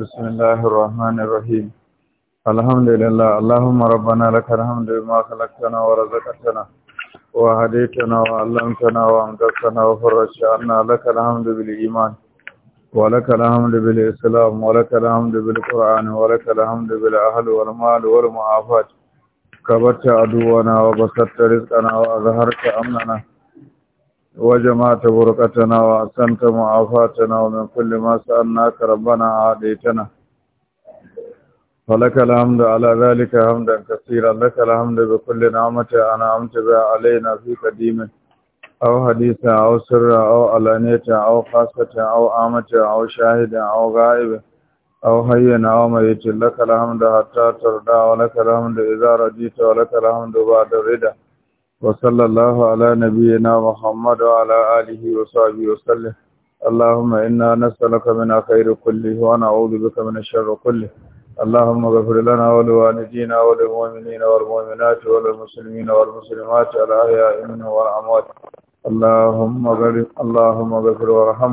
بسم الله الرحمن الرحيم الحمد لله اللهم ربنا لك الحمد بما خلقتنا ورزقتنا وهديتنا وعلمتنا وأمدتنا وفرجت عنا لك الحمد بالإيمان ولك الحمد بالإسلام ولك الحمد بالقرآن ولك الحمد بالأهل والمال والمعافات كبرت عدونا وبسطت رزقنا وأظهرت أمننا وجمعت بركتنا وأحسنت معافاتنا ومن كل ما سألناك ربنا عاديتنا فلك الحمد على ذلك حمدا كثيرا لك الحمد بكل نعمة أنعمت بها علينا في قديم أو حديث أو سر أو علانية أو خاصة أو عامة أو شاهد أو غائب أو حي أو ميت لك الحمد حتى ترضى ولك الحمد إذا رجيت ولك الحمد بعد الرضا وصلى الله على نبينا محمد وعلى آله وصحبه وسلم اللهم إنا نسألك من خير كله ونعوذ بك من الشر كله اللهم اغفر لنا ولوالدينا وللمؤمنين والمؤمنات وللمسلمين والمسلمات الأحياء منهم والأموات اللهم اغفر اللهم اغفر وارحم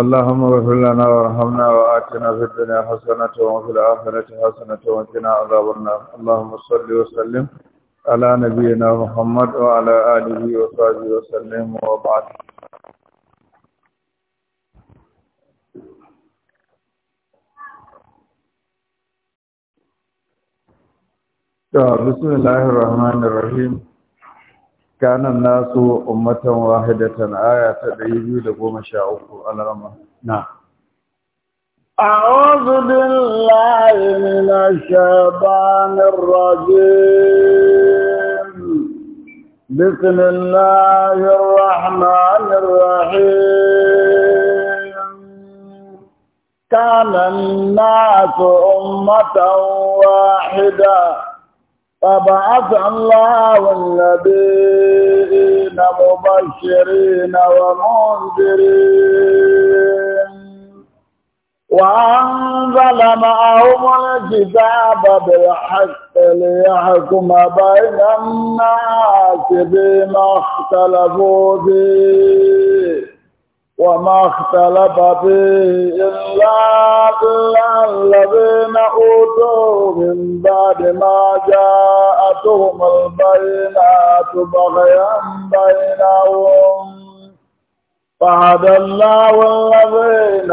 اللهم اغفر لنا وارحمنا وآتنا في الدنيا حسنة وفي الآخرة حسنة وقنا عذاب النار اللهم صل وسلم على نبينا محمد وعلى آله وصحبه وسلم وبعد بسم الله الرحمن الرحيم كان الناس أمة واحدة آية تدعي 213 على رمضان نعم أعوذ بالله من الشيطان الرجيم بسم الله الرحمن الرحيم كان الناس أمة واحدة فبعث الله النبيين مبشرين ومنذرين وأنزل معهم الكتاب بالحق ليحكم بين الناس بما اختلفوا فيه وما اختلف فيه إلا, إلا الذين أوتوا من بعد ما جاءتهم البينات بغيا بينهم فهد الله الذين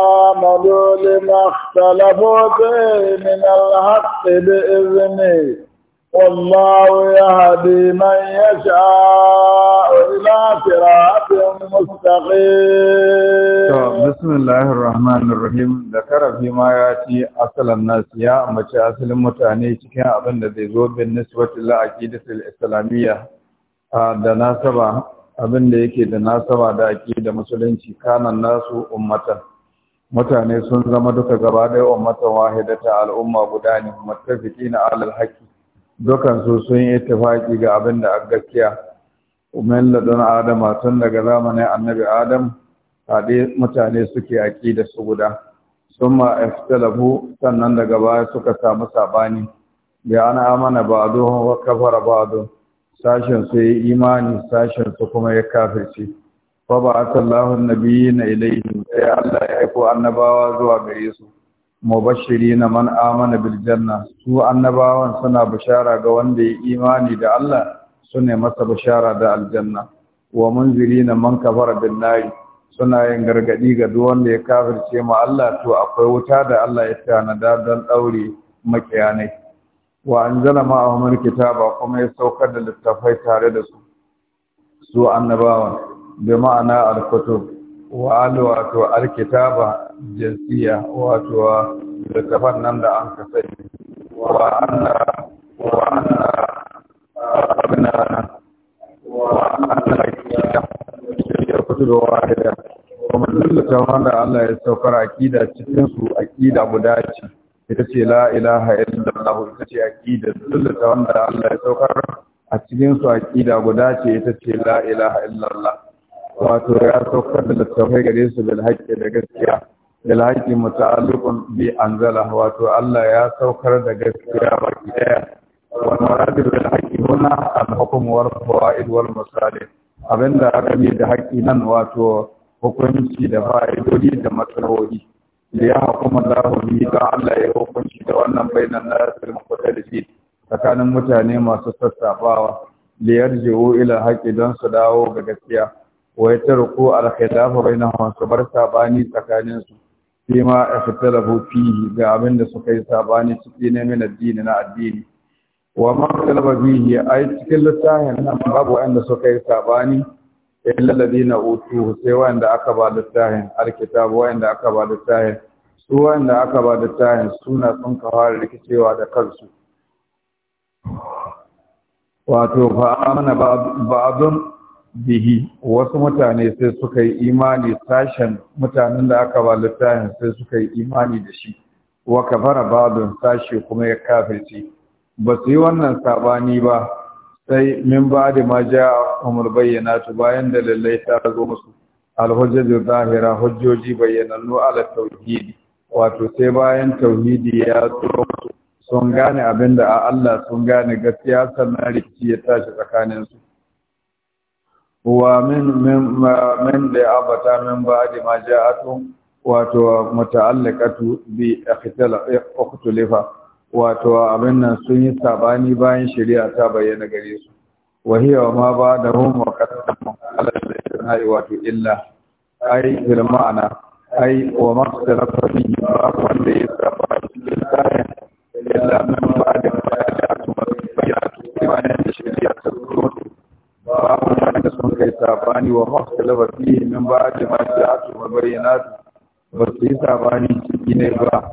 آمنوا لما اختلفوا به من الحق بإذنه والله يهدي من يشاء إلى صراط مستقيم طيب، بسم الله الرحمن الرحيم ذكر فيما يأتي أصل الناس يا أمتي أصل متعني كان أظن ذي بالنسبة للعقيدة الإسلامية da آه، nasaba abin da yake da nasaba da ake da musulunci kanan nasu ummatan mutane sun zama duka gaba ɗaya ummatan wahidata al'umma guda ne muttafiki na alal haƙƙi. dukan su sun yi ittifaqi ga abin da a gaskiya umman don adam tun daga zamanin annabi adam haɗe mutane suke da su guda summa ikhtalafu sannan daga baya suka samu saɓani. bi an amana ba'duhum wa kafara ba'duhum sashen su yi imani sashen su kuma ya kafirce fa ba nabiyyi na ilayhi sai Allah ya aiko annabawa zuwa gare su na man amana bil janna su annabawan suna bishara ga wanda ya imani da Allah sune masa bishara da aljanna wa munzirina man kafara bin nari suna yin gargadi ga duk wanda ya kafirce ma Allah to akwai wuta da Allah ya tanada don daure makiyanai wa anzala ma'ahum alkitaba kuma ya saukar da littafai tare da su su annabawan bi ma'ana alkutub wa alwato alkitaba jinsiya wato littafan nan da an kasai wa anna wa anna abna wa anna ya kutuba wahida kuma duk da Allah ya saukar akida cikinsu su akida guda ce ita ce la ilaha illallah ita ce aqida ta wanda Allah ya saukar a cikin su aqida guda ce ita ce la ilaha illallah wato ya saukar da littafai gare su bil haqqi da gaskiya bil haqqi muta'alliqun bi anzala wato Allah ya saukar da gaskiya baki daya wal maradu bil haqqi huna al hukm wal fawaid wal masalih abinda aka yi da haqqi nan wato hukunci da fa'idodi da matsaloli. da ya hukuma Allah bi ta Allah ya hukunci da wannan bainan da shi? tsakanin mutane masu sassafawa da wo ila haƙi don su dawo ga gaskiya wa ta ruku al-khilafu bainahum su bar sabani tsakanin su fima ikhtalafu fihi ga abin da suka yi sabani ciki ne addini na addini wa ma ikhtalafa fihi ai cikin littafin nan babu wanda suka yi sabani illa ladina utuhu sai wanda aka ba littafin alkitabu wanda aka ba littafin su wanda aka ba littafin suna sun kawar rikicewa da kansu wato fa amana ba'dun bihi wasu mutane sai suka yi imani sashen mutanen da aka ba littafin sai suka yi imani da shi wa kafara ba'dun sashi kuma ya kafirci ba su yi wannan sabani ba sai min ba da ma ja umar bayyana tu bayan da lallai ta zo musu alhujjaju zahira hujjoji bayyanannu ala tauhidi wato sai bayan tauhidi ya zo musu sun gane abin da a Allah sun gane gaskiya sannan rikici ya tashi tsakanin su wa min min min da abata min ba da ma ja'atu wato muta'alliqatu bi ikhtilafa wato abin nan sun yi sabani bayan shari'a ta bayyana gare su wahiya ma ba da hum wa qaddamu ala al-istina'i wa illa ai bil ana. ai wa maqtarafa fi wanda ya saba cikin kayan illa nan ba da da su, bayatu bayatu bayan shari'a ta zo babu da sun kai sabani wa maqtarafa fi nan ba da bayatu bayyana su, ba su yi sabani cikin ne ba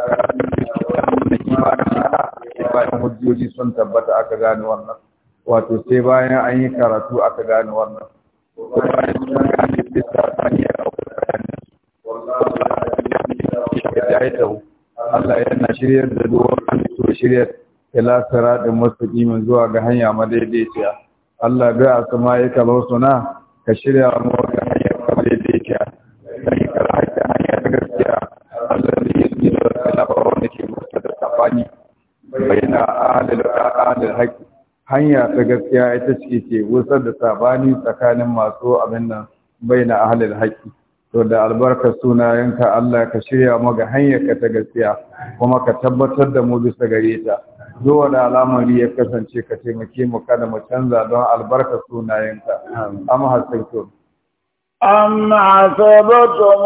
hujjoji sun tabbata aka gane wannan wato sai bayan an yi karatu aka gane wannan Allah yana shiryar da duwar an so ila siratin zuwa ga hanya madaidaiciya Allah bai asma yaka lausuna ka shirya mu bayyana adal haƙi hanya ta gaskiya ita ce ke wusar da sabani tsakanin masu abin nan bayyana halin haƙi to da albarkar sunayenka Allah ka shirya mu ga hanyar ka ta gaskiya kuma ka tabbatar da mu bisa gare ta zuwa da alamari ya kasance ka taimake mu kada mu canza don albarkar sunayenka amma to أم حسبتم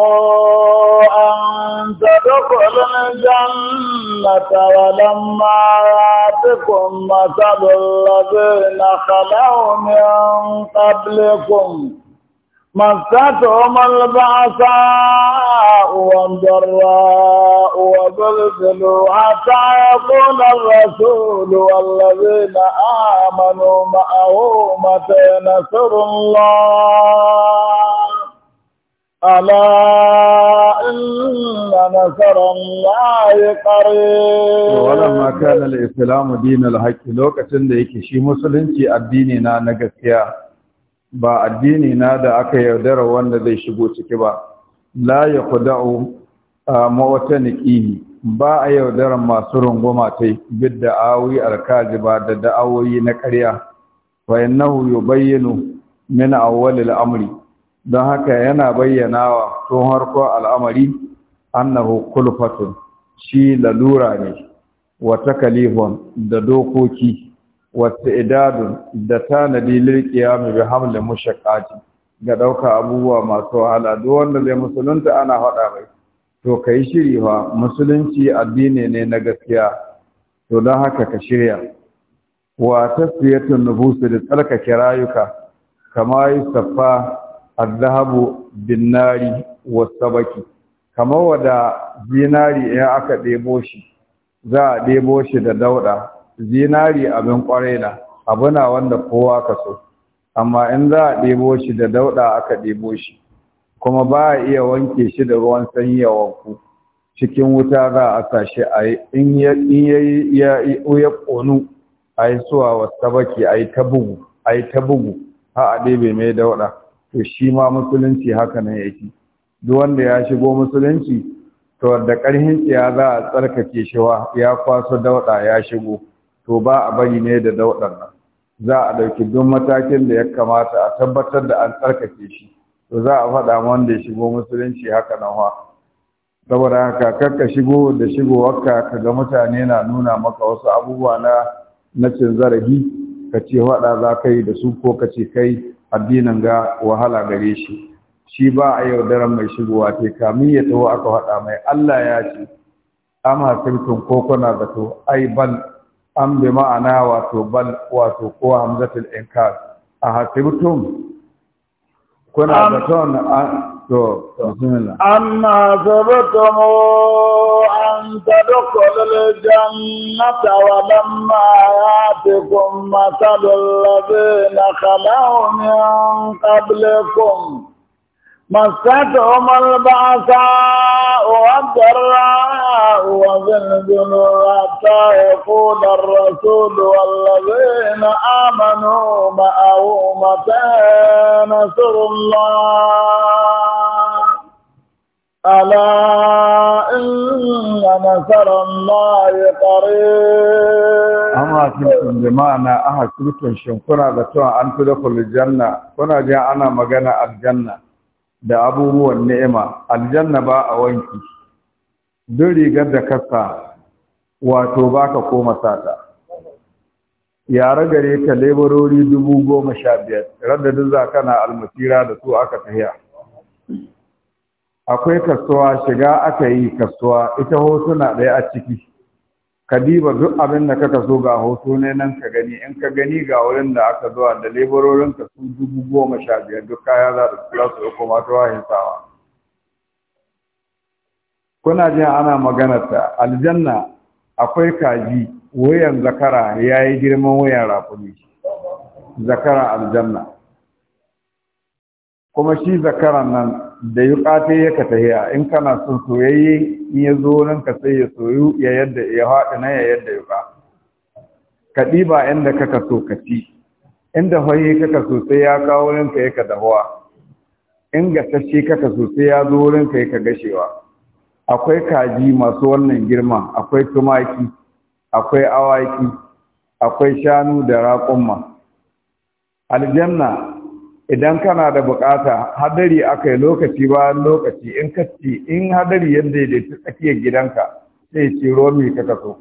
أن تدخلوا الجنة ولما يأتكم مثل الذين خلوا من قبلكم Mastatu mun rasa uwan jarwa, wa zubi ta ya kula da su, da wanda zai na'amano ma'aun mace na sirrin nan.A nana nasarar ya yi ƙari. Gobe wajen makaranta islamu na dina lokacin da ya shi, Musulunci addini na na gaskiya ba addini na da aka yaudara wanda zai shigo ciki ba la ya kuda'u mawata niƙihi ba a yaudaran masu runguma ta bidda da alkaji ba da da'awoyi na ƙarya fa innahu yubayyinu min awwal al-amri don haka yana bayyana bayyanawa tun harko al'amari annahu kulfatun shi lalura ne wa takalifun da dokoki Wasu idadun da tanadi lirkiya mai bi hamlin ga ɗauka abubuwa masu wahala duk wanda zai musulunta ana haɗa mai to ka yi shiri ba musulunci addini ne na gaskiya to don haka ka shirya wa tasfiyatun nufusu da tsarkake rayuka kama yi saffa azhabu bin nari wasabaki kamar wada zinari ya aka ɗebo shi za a ɗebo shi da dauɗa zinari abin kwarai na abu na wanda kowa ka so amma in za a ɗebo shi da dauɗa aka ɗebo shi kuma ba a iya wanke shi da ruwan sanyi ya wanku cikin wuta za a sa shi a in ya ya ƙonu a yi suwa wasta baki a yi ta bugu a yi ta bugu ha a ɗebe mai dauɗa to shi ma musulunci haka nan yake duk wanda ya shigo musulunci to da ƙarhin tsiya za a tsarkake shi ya kwaso dauɗa ya shigo to ba a bari ne da dauɗan nan za a ɗauki duk matakin da ya kamata a tabbatar da an tsarkake shi to za a faɗa ma wanda ya shigo musulunci haka nan wa saboda haka ka shigo da shigowarka ka ga mutane na nuna maka wasu abubuwa na na cin zarafi ka ce faɗa za ka yi da su ko ka ce kai addinin ga wahala gare shi shi ba a daren mai shigowa te kamin ya taho aka faɗa mai Allah ya ce am sirkin ko kuna zato ai ban. am bi ma'ana wato bal wato ko hamzatul inkar a hasibtum kuna zaton to bismillah amma zabatum an tadkhul al-jannata wa lamma yatikum matalul ladina khalaw min مستهم البعثاء والضراء وزلزلوا حتى يقول الرسول والذين آمنوا معه متى نصر الله ألا إن نصر الله قريب أما كنتم بمعنى أحد كنتم شنكنا بتوع أن تدخل الجنة كنا جاءنا مجانا الجنة da abubuwan ni'ima aljanna ba a wanki duk rigar da kasa wato baka koma sata yare gare ka leburori dubu goma sha biyar radda duk za kana almasira da su aka tahiya akwai kasuwa shiga aka yi kasuwa ita hotuna ɗaya a ciki Kadiba duk abin da kaka so ga hoto ne nan ka gani in ka gani ga wurin da aka zuwa da leburorin ka su dubu goma sha biyar duk kaya za da kula su uku ma tuwahin hisawa. kuna jin ana maganar ta aljanna akwai kaji wayan zakara ya yi girman wayan rafuni. zakara aljanna kuma shi zakaran nan da yi ya ka tahiya in kana son soyayye in ya zo nan ka sai ya soyu ya yadda ya haɗa na ya yadda ya ka ka ɗiba inda kaka so ka ci inda hoyi kaka so sai ya kawo nan ka ka dahuwa in gasashe kaka so sai ya zo nan ka ka gashewa akwai kaji masu wannan girma akwai tumaki akwai awaki akwai shanu da raƙumma aljanna idan kana da bukata hadari aka yi lokaci bayan lokaci in kacce in hadari yadda ya dace tsakiyar gidanka sai ce romi ka kaso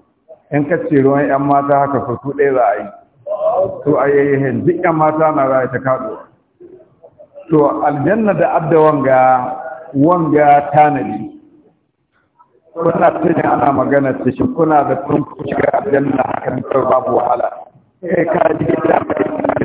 in kacce ruwan yan mata haka fa su ɗaya za a yi to a hin duk yan mata na za ta kaɗo to aljanna da adda wanga wanga tanadi kuna tuni ana magana ta shi kuna da tun shiga aljanna hakan babu wahala kai ka ji da mai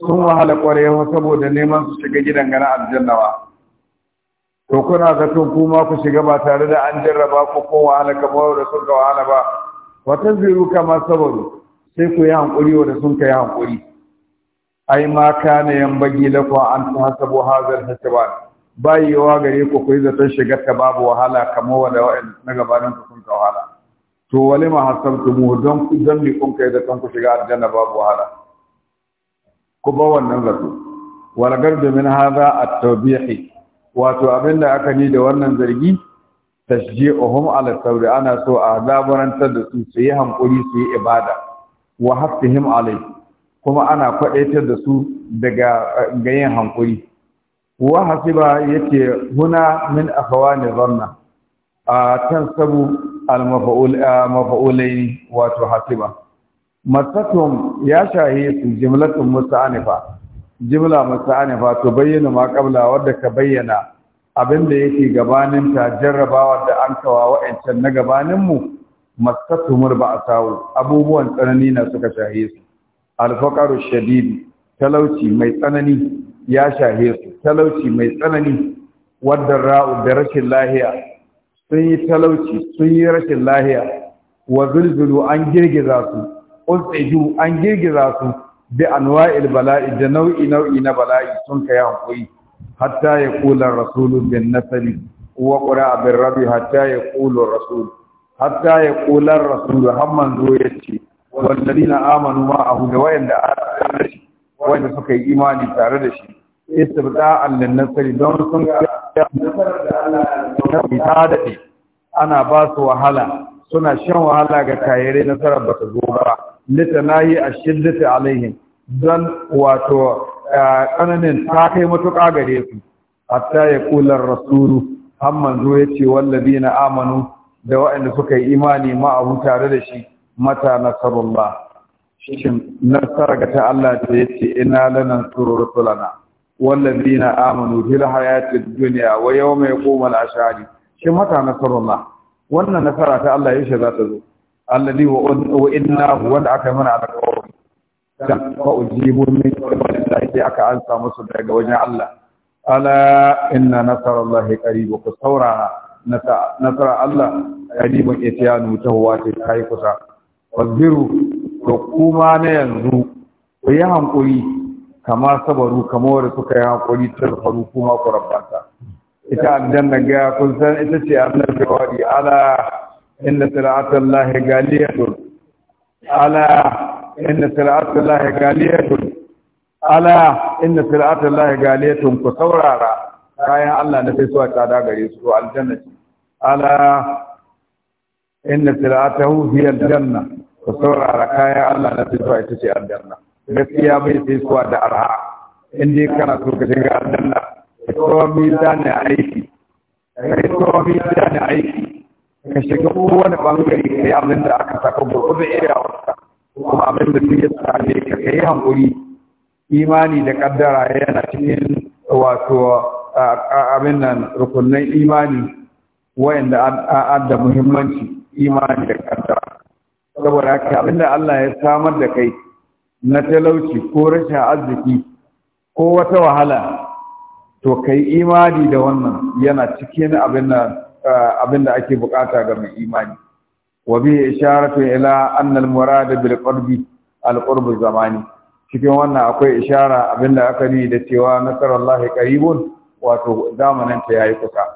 sun wahala ƙwarewa saboda neman su shiga gidan gana aljannawa to kuna zaton kuma ku shiga ba tare da an jarraba ku ko wahala kamar da sun ka wahala ba wata ziru kama saboda sai ku yi hankuri wanda sun ka yi hankuri ai ma kana yan bagi laku an tahasabu hazal yi yawa gare ku ku yi zaton shiga ta babu wahala kamar wanda wa'in na gabanin ku sun ka wahala to wale ma mu don ku zambi kun kai zaton ku shiga aljanna babu wahala ku ba wannan zato wal gardu min hadha at-tawbihi wato abinda aka ni da wannan zargi tashji'uhum ala sabr ana so a zaburantar da su su yi hankuri su yi ibada wa haftihim alai kuma ana kwadaitar da su daga ga yin hankuri wa hasiba yake huna min akhawani zanna a sabu al mafa'ul mafa'ulaini wato hasiba matsatun ya shahe su jimlatun musta'anifa jimla musta'anifa to bayyana ma wadda ka bayyana abinda yake gabanin ta jarrabawa da an kawa wa'ancan na gabanin mu matsatun a asawu abubuwan tsanani na suka shahe su alfaqaru shadid talauci mai tsanani ya shahe su talauci mai tsanani wadda ra'u da rashin lahiya sun yi talauci sun yi rashin lahiya wa zulzulu an girgiza su usaju an girgiza su bi anwa'il bala'i da nau'i nau'i na bala'i sun kai hankuri hatta ya kula rasulu bin nasari wa qura bin rabi hatta ya kula rasul hatta ya kula rasul har manzo yace wallazina amanu ma'ahu da wayanda wanda suka yi imani tare da shi istibda'an lin nasari don sun ga nasarar da Allah ya daɗe ana ba su wahala suna shan wahala ga kayare nasarar ba ta zo ba a ashiddati alaihim dan wato kananin eh, ta kai matuƙa gare su hatta ya kula rasulu har manzo yace na amanu da wa'anda suka yi imani ma abu tare da shi mata nasarullah shin nasara ga ta Allah ta yace ina lanan rusulana wallabina amanu fil hayati dunya wa yawma yaqumul ashhad shin mata nasarullah wannan nasara ta Allah yace za ta zo alladhi wa inna wanda aka mana alƙawari dan fa ujibu min qibalillahi sai aka ansa musu daga wajen Allah ala inna nasarallahi qarib ku saurara nasara Allah qaribun itiyanu tahwa ta kai kusa wasbiru to kuma na yanzu ku yi hankuri kama sabaru kama wanda suka yi hankuri faru kuma ku rabbata ita aljanna ga kun san ita ce annabi wadi ala inna sir'atan lahi galiyatun ala inna sir'atan lahi galiyatun ala inna sir'atan lahi galiyatun ku saurara kayan Allah na sai suwa tsada gare su aljanna ala inna sir'atahu hiya aljanna ku saurara kayan Allah na sai suwa ita ce aljanna gaskiya bai sai suwa da arha in dai kana so ka shiga aljanna ko mi da ne aiki ko mi da ne aiki ka shiga kowane bangare ka yi abin da aka saka gurgurda iya wasa kuma abin da suke same ka ka yi hankuri imani da kaddara yana cikin wato abin nan rukunin imani wayanda an da muhimmanci imani da kaddara saboda haka abin da Allah ya samar da kai na talauci ko rashin arziki ko wata wahala to kai imani da wannan yana cikin abin nan abin da ake bukata ga mai imani wa bi isharatu ila anna al murad bil qurbi al qurb zamani cikin wannan akwai ishara abin da aka yi da cewa nasarallahi qaribun wato zamanin ta yayi kusa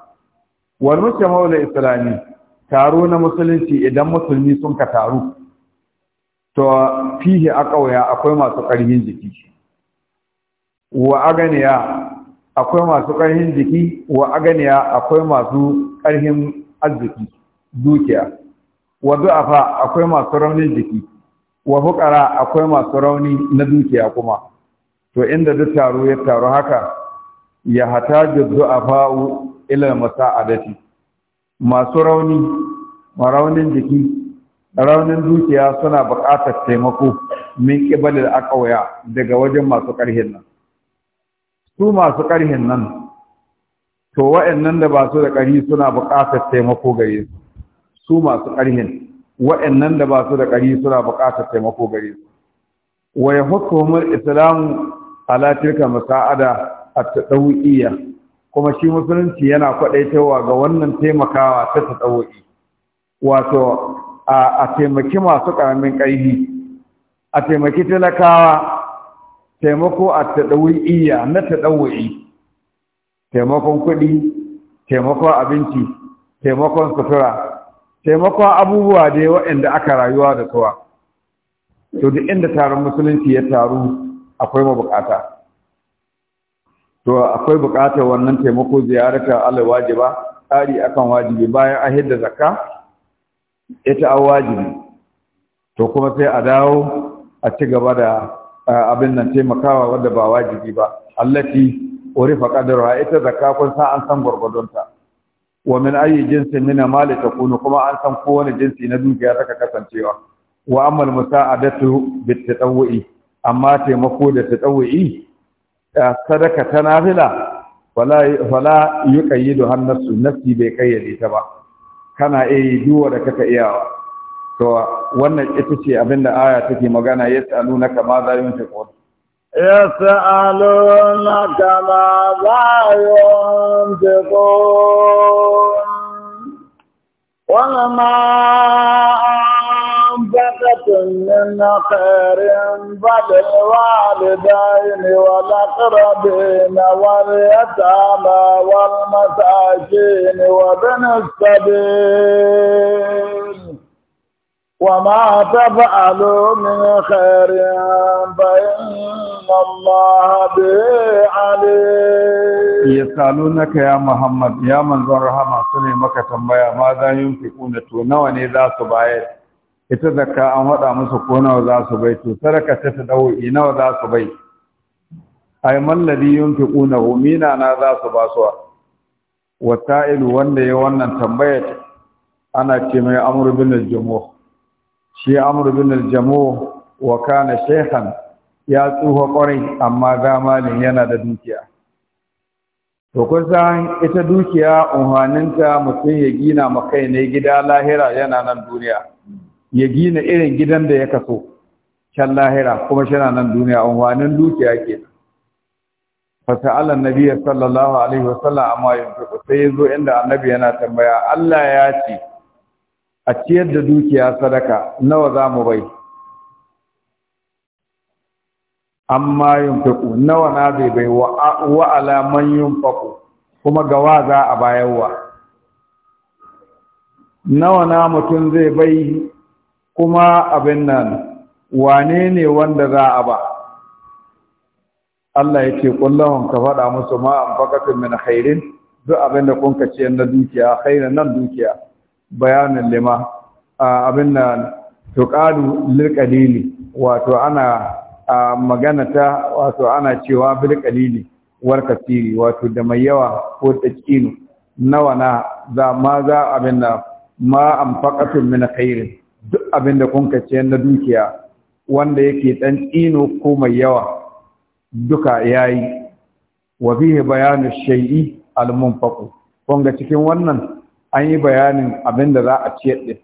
wal muslimu islami taro na musulunci idan musulmi sun ka taru to fihi aqawya akwai masu karhin jiki wa aganiya akwai masu ƙarhin jiki wa aganiya akwai masu ƙarhin arziki dukiya wa du'afa akwai masu raunin jiki wa fuƙara akwai masu rauni na dukiya kuma to inda duk taro ya taru haka ya hataju du'afa ila masa'adati masu rauni raunin jiki raunin dukiya suna buƙatar taimako min qibalil aqwiya daga wajen masu ƙarhin nan su masu ƙarhin nan to wa'annan da ba su da ƙari suna buƙatar taimako gare su su masu ƙarhin wa'annan da ba su da ƙari suna buƙatar taimako gare su wa yahukkumul islam ala tilka masa'ada at-tadawiyya kuma shi musulunci yana kwadaitawa ga wannan taimakawa ta tadawi wato a taimaki masu ƙaramin ƙarfi a taimaki talakawa taimako a taɗawi'iyya na taɗawi'i taimakon kuɗi taimakon abinci taimakon sutura taimakon abubuwa da yawa inda aka rayuwa da tuwa to duk inda taron musulunci ya taru akwai mabukata to akwai bukatar wannan taimako ziyarata Allah wajiba tsari akan wajibi bayan a hidda zakka ita an wajibi to kuma sai a dawo a ci gaba da abin nan taimakawa wanda ba wajibi ba allati urifa qadruha ita zakka kun sa an san gurgudunta wa min ayi jinsin min mali takunu kuma an san kowane jinsi na dukiya saka kasancewa wa amal musa'adatu bitatawwi amma taimako da tatawwi eh, sadaka ta nafila wala wala yuqayyidu hannasu nafsi bai kayyade ta ba kana eh duwa da kaka iyawa to wannan ita ce abin da aya take magana ya tsalu na kama za yi ya tsalu na kama za yi mutu kuwa wani ma an fata tunin na tsarin baɗin walidai ne na wani ya tsala wani masashi ne wa binin وما تفعلوا من خير فإن الله به عليم يسألونك يا محمد يا من ذو الرحمة سنة مكة تنبيا ماذا ينفقون تونوا نذا سبايت ita zakka an haɗa masa ko nawa za su bai to sadaka ta tadawi nawa za su bai ay malladi yunfiquna mina na za su ba su wanda ya wannan tambayar ana ce mai amru bin shi amru bin al wa kana shaykhan ya tsufa kwarai amma ga malin yana da dukiya to kusan ita dukiya unhaninta mutum ya gina makai ne gida lahira yana nan duniya ya gina irin gidan da ya kaso can lahira kuma shana nan duniya unhanin dukiya ke. kenan na biyar, sallallahu alaihi wasallam amma yanzu sai yazo inda annabi yana tambaya Allah ya ce a ciyar da dukiya sadaka nawa za mu bai amma yunfiqu nawa na zai bai wa alaman yin kuma gawa za a bayarwa nawa na mutum zai bai kuma abin nan wane ne wanda za a ba Allah ya ce kullum ka faɗa musu ma fakatun min hairin duk abin da kun ka ciyar na dukiya khairin nan dukiya bayanin lima abin da tuqalu lirƙalili wato ana magana ta wato ana cewa birƙalili qalili war wato da mai yawa ko tsakino nawa na za ma za abin da ma min khairin duk abin da kun kace na dukiya wanda yake dan ino ko mai yawa duka yayi wa bihi bayanin shai'i al munfaq kun cikin wannan an yi bayanin abin da za a ciyar din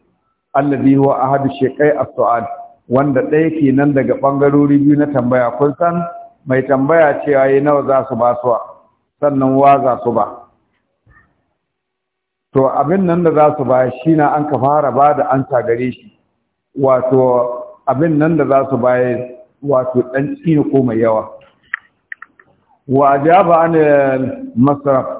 allazi huwa ahadu shekai a sual wanda ɗaya nan daga bangarori biyu na tambaya kun san mai tambaya cewa yi nawa za su ba sannan wa za su ba to abin nan da za su ba shi na an ka fara ba da an gare shi wato abin nan da za su ba wato ɗan tsini ko mai yawa wa ja an masaraf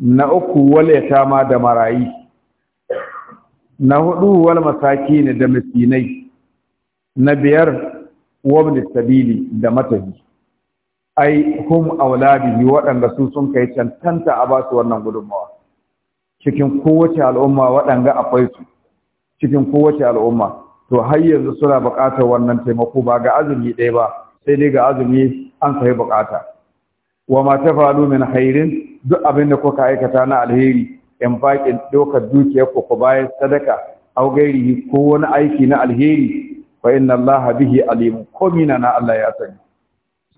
na uku wal yatama da marayi na hudu wal ne da miskinai na biyar wabni sabili da matahi ai hum auladihi waɗanda su sun kai cancanta a basu wannan gudunmawa cikin kowace al'umma waɗanda akwai su cikin kowace al'umma to har yanzu suna buƙatar wannan taimako ba ga azumi ɗaya ba sai dai ga azumi an kai buƙata wa ma tafalu min hairin duk abin da kuka aikata na alheri in faƙin ɗaukar dukiyar ku bayan sadaka au gairi ko wani aiki na alheri fa inna Allah bihi alim mina na Allah ya sani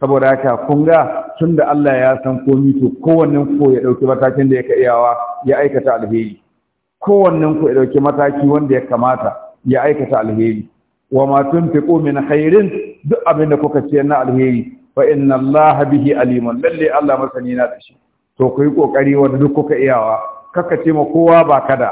saboda haka kun ga tunda Allah ya san komi to kowannen ko ya dauki matakin da yake iyawa ya aikata alheri kowannen ku ya dauki mataki wanda ya kamata ya aikata alheri wa ma tunfiqu min khairin duk abin da kuka ciyar na alheri fa inna Allah bihi alimun lalle Allah masani na da shi to ku yi kokari wanda duk kuka iyawa kaka ce ma kowa ba kada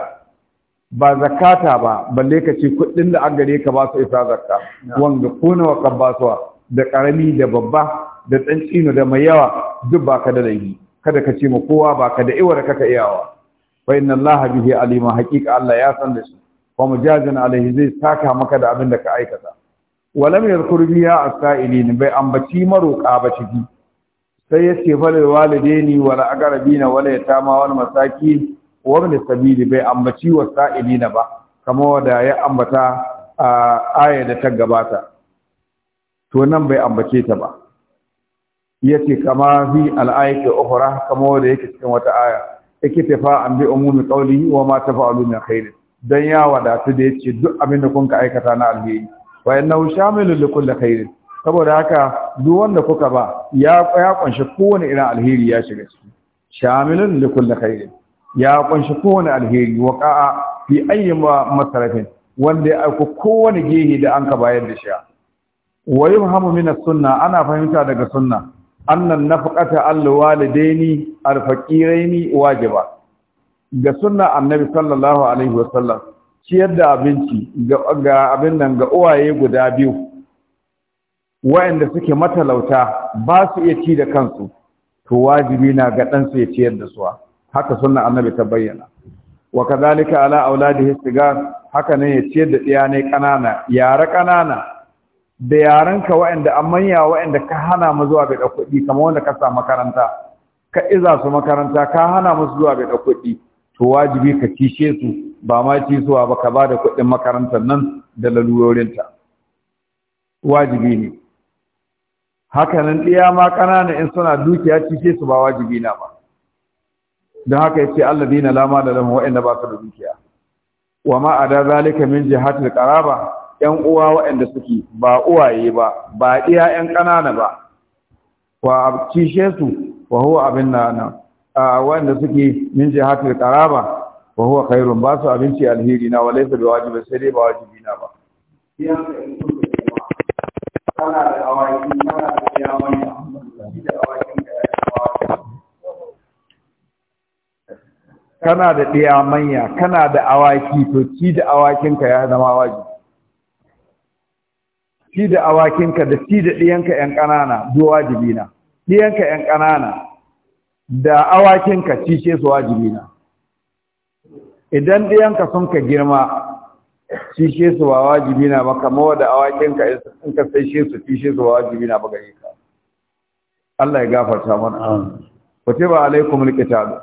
ba zakata ba balle ka ce kuɗin da an gare ka ba su isa zakka wanda kuna wa kan da karami da babba da tsantsino da mai yawa duk ba kada da yi kada ka ce ma kowa ba kada iwar kaka iyawa fa inna Allah bihi alimun haqiqa Allah ya san da shi wa alaihi zai saka maka da abin da ka aikata walam yadhkur biha as-sa'ilin bai ambaci maroka ba ciki sai ya ce fa lil walidaini wal aqrabina wal yatama wal masakin wa ibn sabili bai ambaci wa sa'ilina ba kamar da ya ambata a da ta gabata to nan bai ambace ta ba yace kama fi al-ayati ukhra kamar da yake cikin wata aya yake tafa an bi umumi qawlihi wa ma tafa'alu min dan ya wada su da yace duk abin da kun ka aikata na alheri wa innahu shamilun likulli khair saboda haka duk wanda kuka ba ya ya kunshi kowane irin alheri ya shiga ciki shamilun likulli khair ya kunshi kowane alheri waqa'a fi ayyi masarafin wanda ya aiko kowane gehi da anka bayar da shi wa yumhamu min sunna ana fahimta daga sunna annan nafaqata al faqiraini wajiba ga sunna annabi sallallahu alaihi wasallam ciyar da abinci ga abin nan ga uwaye guda biyu waɗanda suke matalauta ba su iya ci da kansu to wajibi na ga ɗansu ya ciyar da su haka sunna annabi ta bayyana wa kadhalika ala da sigar haka ne ya ciyar da ɗiya ne ƙanana yara ƙanana da yaranka waɗanda an manya waɗanda ka hana mu zuwa bai kuɗi kamar wanda ka sa makaranta ka iza su makaranta ka hana musu zuwa bai kuɗi to wajibi ka kishe su ba ma ci suwa ba ka ba da kuɗin makarantar nan da lalurorinta wajibi ne Hakanan, nan ɗiya ma ƙanana in suna dukiya cike su ba wajibi na ba don haka yace Allah daina lama da lahum wa'anda ba su da dukiya wa ma da zalika min jihatil qaraba yan uwa wa'anda suke ba uwaye ba ba ɗiya yan ƙanana ba wa cishe su wa huwa abin na wa'anda suke min jihatil qaraba wa huwa khairun ba su abinci alheri na wa laysa biwajib sai dai ba wajibi na ba kana da awaki kana da kana da ɗaya manya kana da awaki to ci da awakinka ya zama wajibi ci da awakinka da ci da ɗiyanka ‘yan ƙanana duk wajibi na ɗiyanka ‘yan ƙanana da awakinka ci ce su wajibi na idan ɗiyanka sun ka girma shi shi su ba wajibi na ba kama da awakinka in ka sai shi su fi shi su ba wajibi na ba yi ka Allah ya gafarta mana ba alaikum alqital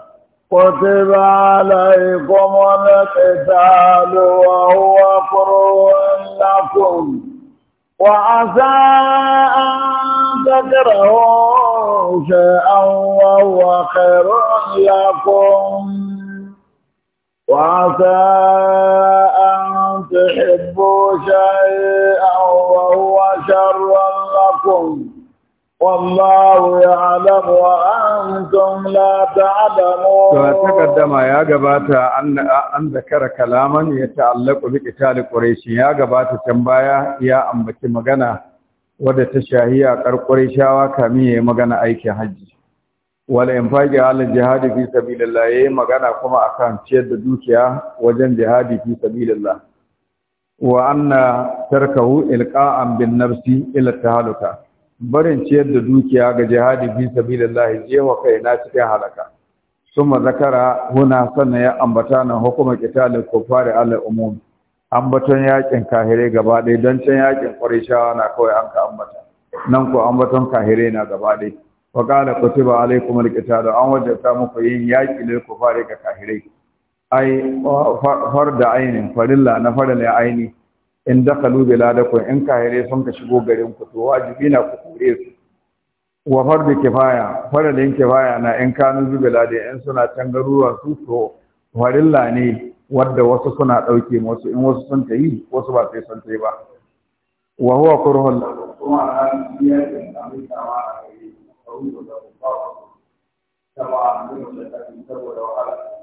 ba alaikum alqital wa huwa qurun lakum wa asa an takrahu shay'an wa huwa khairun lakum وعسى أن تحبوا شيئا وهو شر لكم والله يعلم وأنتم لا تعلمون فتقدم يا جباتا أن أن ذكر كلاما يتعلق بقتال قريش يا جباتا تنبايا يا أمبتي مغنى wadda ta shahiya ƙarƙurai shawa kamiye magana aikin wal infaqi ala jihadi fi sabilillah yayi magana kuma akan ciyar da dukiya wajen jihadi fi sabilillah wa anna tarkahu ilqa'an bin nafsi ila tahaluka barin ciyar da dukiya ga jihadi fi sabilillah kai kaina cikin halaka summa zakara huna sannan ya ambata na hukuma qitalil kuffari ala umum ambaton yakin kahire gaba ɗaya don can yakin shawa na kawai an ka ambata nan ko ambaton kahire na gaba ɗaya wa qala kutiba alaykum alqitalu an wajata muku yin yaki lil kufari ga kafirai ai farda aini, farilla na farilla aini in dakalu biladakum in kafirai sun ka shigo garin ku to wajibi na ku kore su wa farda kifaya farillin kifaya na in kanu zubilade in suna can garuruwan su to farilla ne wadda wasu suna ɗauke musu in wasu sun ta yi wasu ba sai sun ta yi ba wa huwa kurhul kuma an yi yadda da abin da فوجد مقاطع طبعا من التي سود وحلا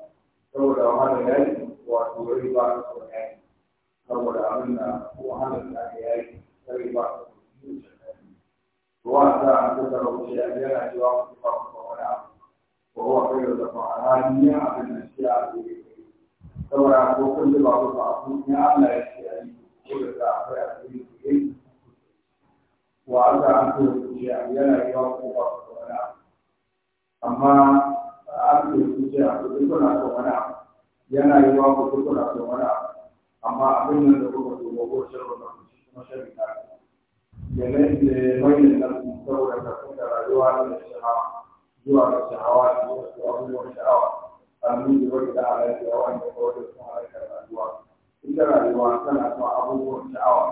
سود وحلا جاي وتوري بعض الصناعي سود عملنا وحلا الأحياء توري بعض وأتى أن تدروا في أجيال جواب الصفحة وهو خير الفعلانية عن الأشياء سواء كل بعض الأصول أن لا يشتري كل الأعضاء في wa an da an tura kuciya yana yi wa ko ba ku wani amma an tura kuciya ku duk kuna so wani yana yi wa ku duk kuna so wani amma abin nan da kuma so ba ko shirin ba kuma shirin ta da ne da manyan nan saboda ka kuka rayuwa da shahawa zuwa ga shahawa da zuwa ga abubuwan sha'awa sannan da wani da ala da yawa da kawai sun harkar rayuwa ita rayuwa tana kuma abubuwan sha'awa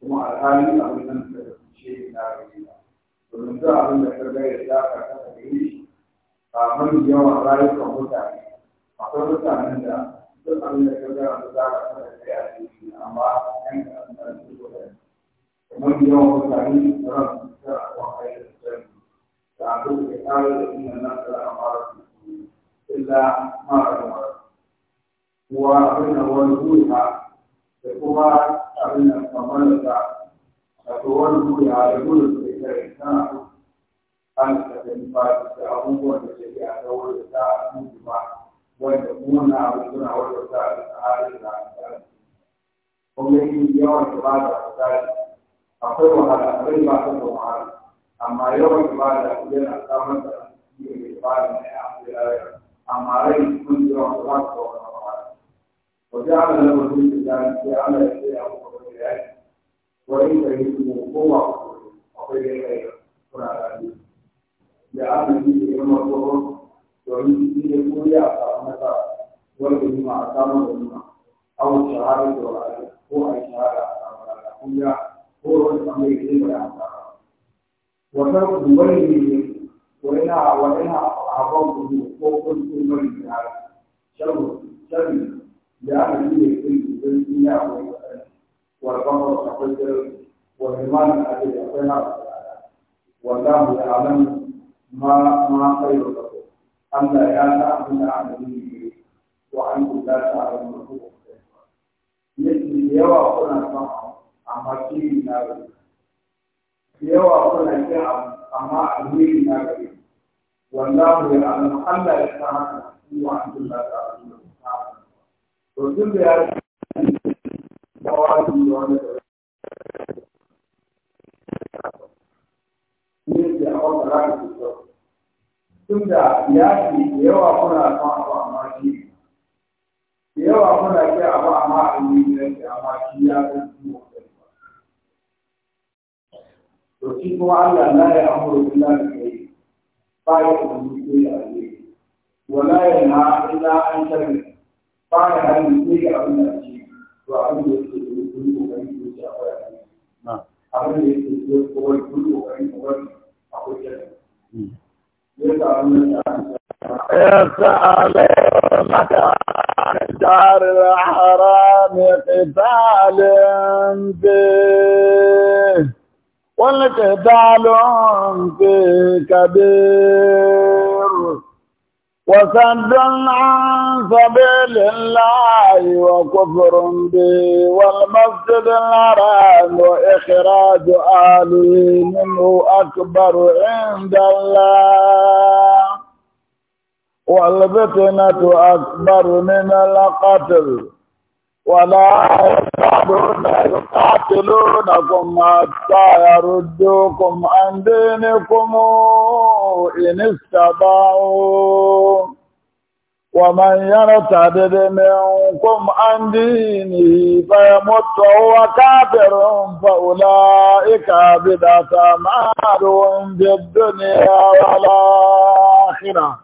kuma alhali abin nan da shi na rayuwa domin duk abin da ka gaya ya ka kasa gari shi a mafi yawan rayukan mutane akwai mutanen da duk abin da ka gaya ta za ka kasa gari a cikin amma yan ka da su gudun mafi yawan mutane da ran su ta kwan aiki da da a duk da kare da ina nan da ran mara su illa mara da mara kuwa abin da wani zuwa da kuma abin da kamar da أقول لك على كل ذكر إنسان أنا كتنفاس أقوم بشيء أقول لك أقوم wanda muna suna wata sa da tsari da tsari kuma yi yawan da ba da tsari akwai wahala akwai ba ta da wahala amma yawan da ba da kuɗi na samun da iya mai ba da mai amfani amma rai kun ji yawan da ba ta da wahala wajen ana lamar da tsari sai ana yi sai a kuma wurin da yi mu kowa akwai da kai kuna rani da ana yi da yamma tsoro domin shi ne kuri a samu nasa wanda yi ma a samu da yi ma wuce har da wa'ala ko a yi shahara a samu rana kun ko wani tsamai da yi ba ya wata kubari ne wani na wani na abon kuma ko kun kumari da shari'a shari'a da ana yi da yi da yi da yi والقمر أقول والإيمان أقول أقول والله يعلم ما ما خير لكم ألا يا تعلم عملي وأنتم لا تعلمون مثل يوا كنا سمع أما كيف نعلم يوا كنا كنا أما أمير نعلم والله يعلم ألا يا تعلم وأنتم لا تعلمون to duk da ya tunda yaki ne da awon da za su zo tun da ya da yawa kuna son abu amma shi da yawa kuna ke abu amma a yi ne da amma shi ya fi su to shi kuma Allah la ya amuru illa da kai ba ya umu wala ya na illa an tarbi ba ya hannu sai ya abin da to abin da abin da yake so ko wani kudu kokarin ko wani يسأل يومك عن الحرام قتال فيه والقتال فيه كبير وصد عن سبيل الله وكفر به والمسجد الحرام وإخراج أهله منه أكبر عند الله والفتنة أكبر من القتل ولا يكادون يقاتلونكم حتى يردوكم عن دينكم إن استطاعوا ومن يرتد منكم عن دينه فيمت وهو كافر فأولئك بدأت أعمالهم في الدنيا والآخرة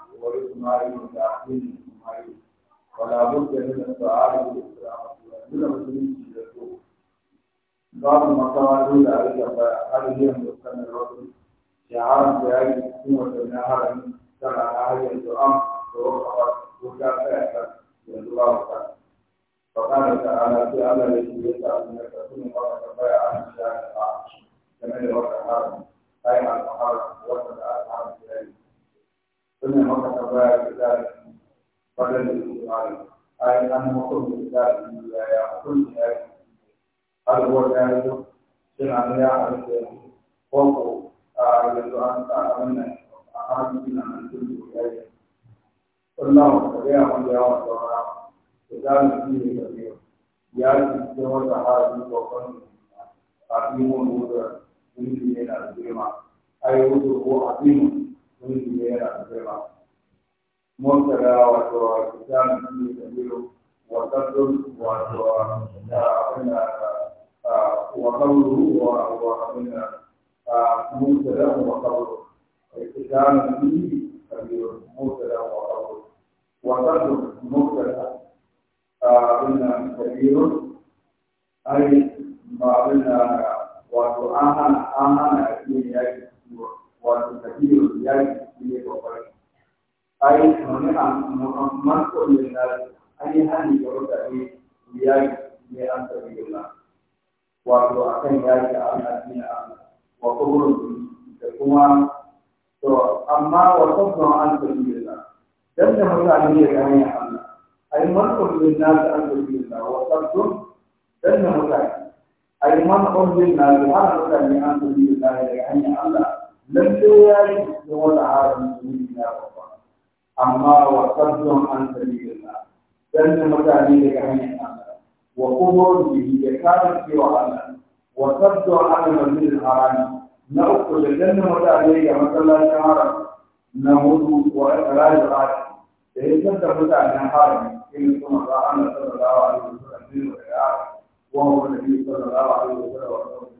ولتماري المتعهدين المتعهدين ولا بد من التعارف والاستراحة من المسلمين يدعو بعض المقامات ذلك فهل هي مستمرة شعار بأي قوة نهر ترى هذه الدعاء توقفت وكافئت للدعاء فقال تعالى في أمر الذي يسأل منك ثم وقف بيع عن شارع كما وقف هذا أي عن الحرم وقف الأسعار في sun yi maka ta baya da dare wadda ne su mai a yi an mutum da dare da yaya ya kun da ya yi alwar ya yi yau suna da ya a rike kwanko a yi zuwa ta wannan a hannun suna da su da ya yi suna da kare a wanda ya wata da dare da su da ya yi da wata hara da su a kan su a cikin wani wuri da su ne da su ne ma a yi wuri ko a cikin mulki ne yana da girma murtala wato kitabun shi da wa sabbin wato wa kauru wa wa abin da murtala wa kauru kitabun shi da biro murtala wa kauru wa sabbin murtala abin da ai ba abin da wato an hana an hana wato kabiru iyali shi ne babbar ai manuna mankolin na an yi hannu da mutane iyali ne an sabi da wato a kan yaki a Allah dina wa kuburin kuma to amma wa sabon an sabi da dan da mutane ya gane Allah ai mankolin na an sabi da dan da mutane ai mankolin na da hana mutane an sabi Allah lalle ya yi da wani harin zuri na babba amma wa sabbin an dalilin na danne mutane daga hanyar Allah wa kuma bihi da kare cewa Allah wa sabbin an dalilin harami na uku da danne mutane ga masallacin haram na hudu wa ikirarin haram da ya tabbata mutanen haram in kuma za a na sallallahu alaihi wasallam ne wa ya wa wa nabi sallallahu alaihi wasallam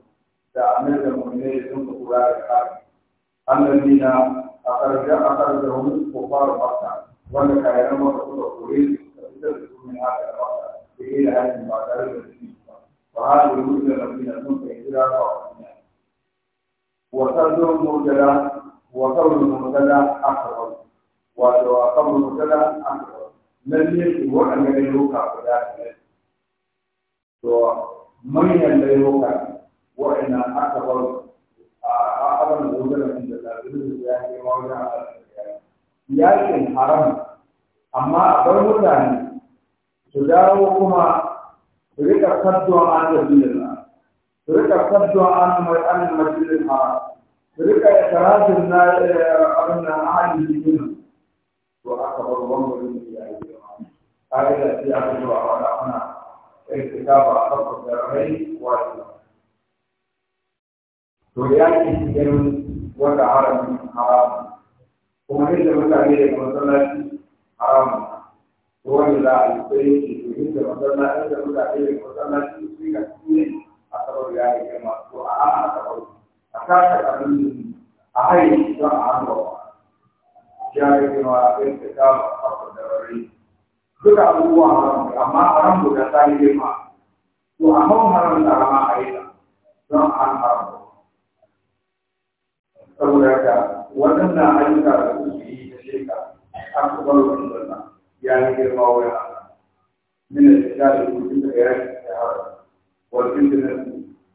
da amir da mu'minai sun kura da haram annabina a ƙarshe a ƙarshe wani ko fara fata wanda kayan masa kuma kore su da su ne haka da fata da yi ba tare da su ba ba ha da yi sun ka yi wa fina wata zuwan mutala wata wani mutala a kawai wato a kan mutala a nan ne su ne yau kafa da ya to manyan da yau kafa wa'ina aka bar a abin da wuce yakin haram amma a bar mutane su dawo kuma su rika kadduwa an da su rika kadduwa an an masjidin haram su rika tarajin na eh, abin nan ahli jikin to aka bar wannan da ya yi a kare da shi aka zuwa wanda ana irtikaba a kan kusurai wajen to yakin ganin wanda haramun haramun kuma yadda mutane da masallaci haramun wanda za a yi sai yake to yadda masallaci da mutane da masallaci sun ga tsune a sabar ya yi girma to a a sabar a kasa kanin a haini don a hannuwa ya yi girma a kai ta kama kafar da rarrai duka abubuwa haramun amma haram guda ta yi girma to a hau haram da rama a yi ta don an haramun saboda haka wannan na ayyuka da kuke yi da sheka aka bar wannan zanna ya yi girma wuya min al-islam kudin da ya yi da haram wal fitnah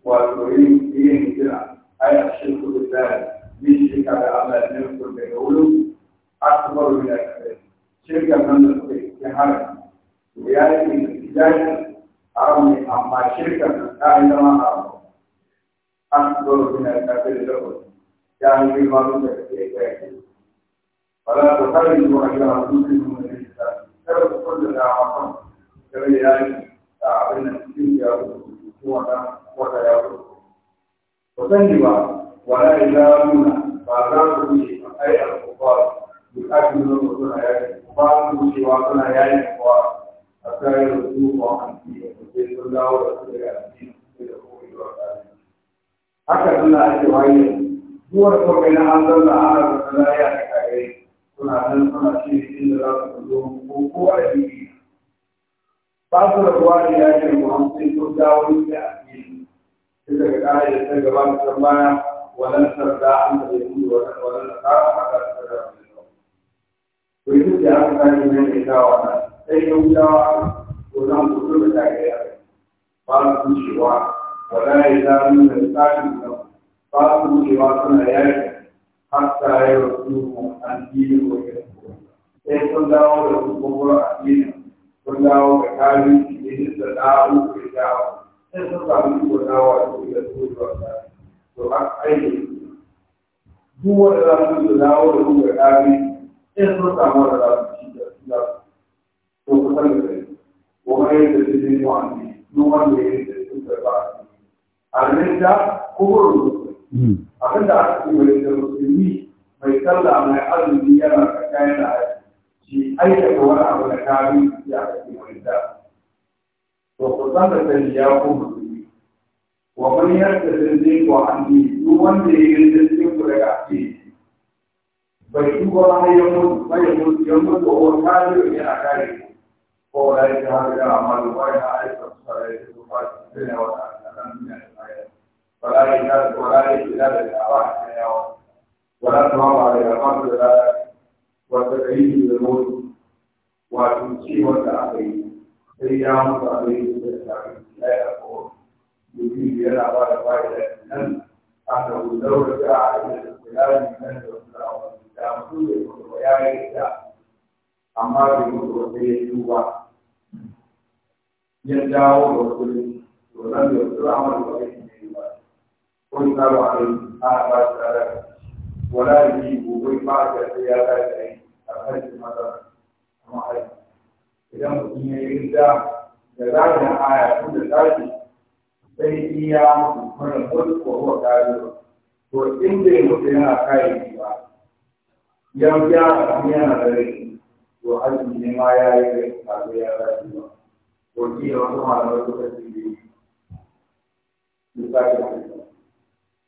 wato yin yin jira ay ashirku billahi min shirka da Allah ne ko da yulu akbar min al-kabir shirka nan da ya haram ya yi da haram ne amma shirka ta yi zama A akbar min al-kabir da yang memang terjadi. Pada total itu adalah satu kemungkinan besar. Kalau kita melihat apa yang terjadi, tak ada yang tidak ada kuasa yang berlaku. Kita juga wala ila muna baza ku bi ayya kuwa bi kadu no ku na ya ku ba ku shi wa ku na ya ya kuwa akai ru ku wa an ti ku ce ku da wa ku ya ti ku da ku yi wa ta haka kuna ake wa yi Buat pembinaan tentang wilayah DKI, tunanan masih di dalam belum buku lagi. Pasal dua dia yang da jauh lagi. Kita kaya kita gawan sama walau serta antara na walau walau tak ada serta itu. Itu jangan kami menjawab. ba menjawab orang butuh berjaya. Para tujuan, walau yang mengetahui ba su wucewa suna yaki hatta ya rasu an dini ko ya sai sun dawo da hukumar addini sun dawo da tarihi da nisa da'u da dawo sai sun samu iko dawo a cikin da su da to aiki duk wanda za su dawo da hukumar tarihi sai sun samu da za su da su to kusan da kuma yadda su ne mu'amini duk wanda ya yi da su da ba a rinta kuma rubutu abin da aka ce wani da musulmi mai sallah mai azumi yana da kayan da aiki shi aikata wani abu da kami ya ake wani da to ku san da sani ya ku musulmi wa wani yadda zai zai ko an duk wanda ya yi zai zai ku daga ake bai yi ko ba ya mutu ba ya mutu ya mutu ko kari a kare ko wani ya ce haka ya amma da wani ya aika su kare su ba su zai yawa da alamun yanayi ولا يزال ولا يزال الأرواح حيوان ولا تمر على الأرض ولا وتعيد الموت وتمشي وتعطي أيام تعطي لا يقول يريد يدع ولا فائدة من أنه لو رجع إلى الاستقلال من الإسلام والإسلام كل يكون ويعيش أما يكون وسيلة جوا يدعو الرسول ولم يصل عمل وإنما والنار عليهم أعباد ثلاثة ولا يجيبوا بالبعض السياسات أي أخذ مثلا كما حيث إذا مسلم يرجع جزاك الآية كل ذلك sai ya mutu mana mutu ko huwa kafir to in bai mutu yana kai ba ya ya amma yana da rai to haji ne ma ya yi rai ba ya rashi ba ko ki wasu malamai suka ya bai misali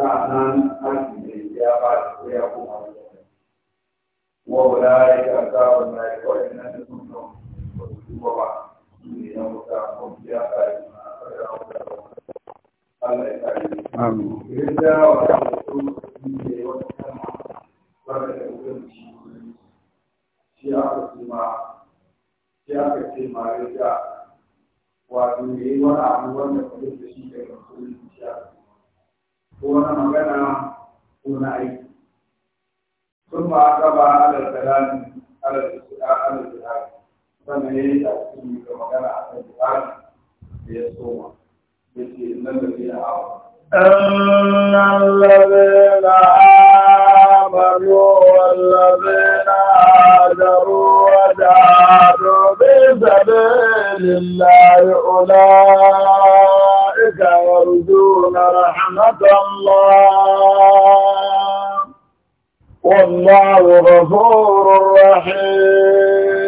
sa'annan aiki ne ya ba ko ya koma wa ya ka ta ya ko da sun san ba ya duba ba ne ya mutu ko ya ka yi ma ya Allah ya wa ta ba da hukunci ma aka ce ma wanda kuma da hukunci shi ko na magana ko na aiki sun ma aka ba alal kalami alal alal sannan ya yi tafi ga magana a kan jihar da ya soma da ke nan da ke hawa إن الذين آمنوا والذين هاجروا وجاهدوا في سبيل الله أولئك يرجون رحمة الله والله غفور رحيم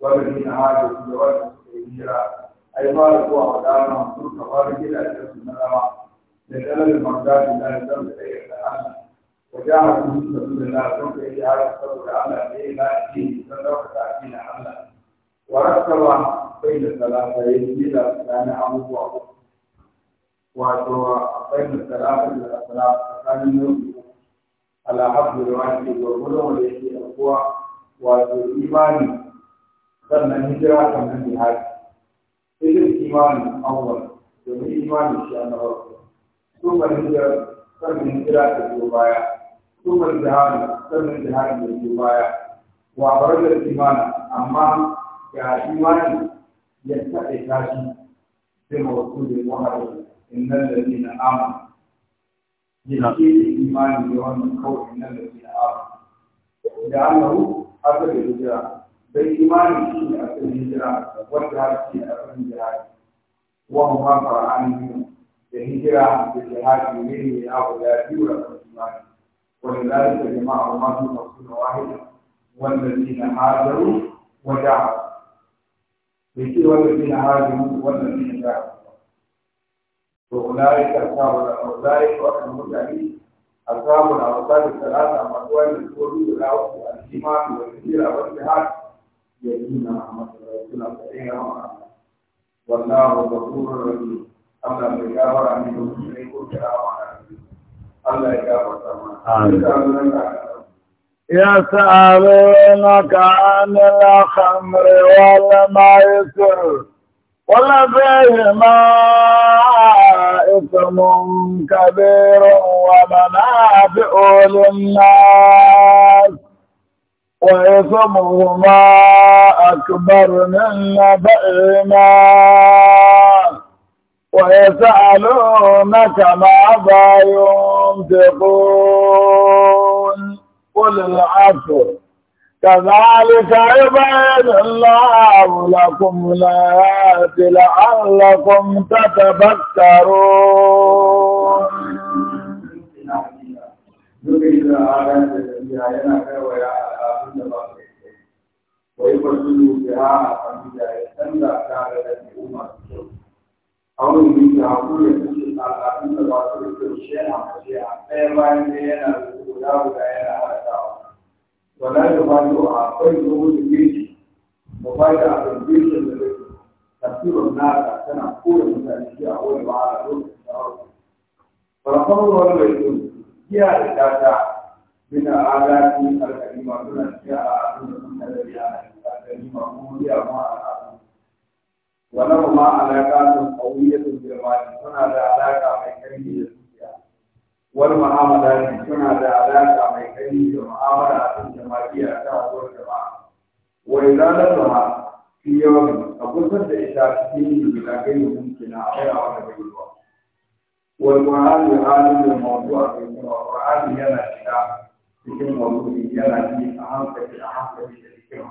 والذين هاجروا في وجه الهجرة أي فارقوا أعداءهم تلك فارق إلى أجل السنة لأجل المرضات الله تبارك وتعالى وجاء رسول الله صلى الله عليه وسلم في هذا الصبر على لا دين إيه إيه، الله ورتب الثلاثة يجيل كان أبوه وأتوا بين الثلاثة إلى الثلاثة على حفظ الواجب والغلو الذي القوى والإيمان sannan hijira sannan jihadi irin imanin awwal domin imanin shi an na farko su ba hijira tsohon jihari sannan jihar da ke baya wa barazar imana amma ga imani ya taɓa tashi sai mawaku da wahala in nan da ne na ama ya ke imani da wani kawai nan da ne na ama da an yau aka da hijira da imani shi ne aka yi hijira da wata hajji shi ne aka yi jihari wa mu ba fara an yi da hijira da jihari ne ne ya abu ya biyu da kuma imani ولذلك جماعة ما في مقصود واحد والذين هاجروا وجعلوا لكي والذين هاجروا والذين جعلوا فأولئك أصحاب أولئك وأهل المتعين أصحاب الأوصال الثلاثة مقوال الكل وقت الإيمان والكثير والجهاد يدين محمد رسول الله والله غفور رحيم أما بالله وعليكم السلام ورحمة الله يسألونك عن الخمر والميسر ولا فيهما إثم كبير ومنافع للناس وإثمهما أكبر من نبئهما ويسألونك ماذا يوم يصدقون قل العفو كذلك يبين الله لكم الآيات لعلكم تتفكرون ويبرزوا بها عن بداية سنة كان الذي أمر أو أن يعقول mutum na kafin shi a da yana guda guda yana da akwai da tana kore mutane shi a wani ba a lokacin mai tun, giya da tata, bina adati alkalima suna cikin a da a ولهما علاقات قوية كنا ذا علاقة ميكانية والمعاملات ذا علاقة ميكانية معاملة الجماعية تعبر الجماعة وإزالتها في يوم الإشارة إشارتين بلا غير ممكن أعطيها وتبينها والقرآن يعالج الموضوع في القرآن يلا الكتاب في الموضوع يلا في أهم في أهم في الحكمة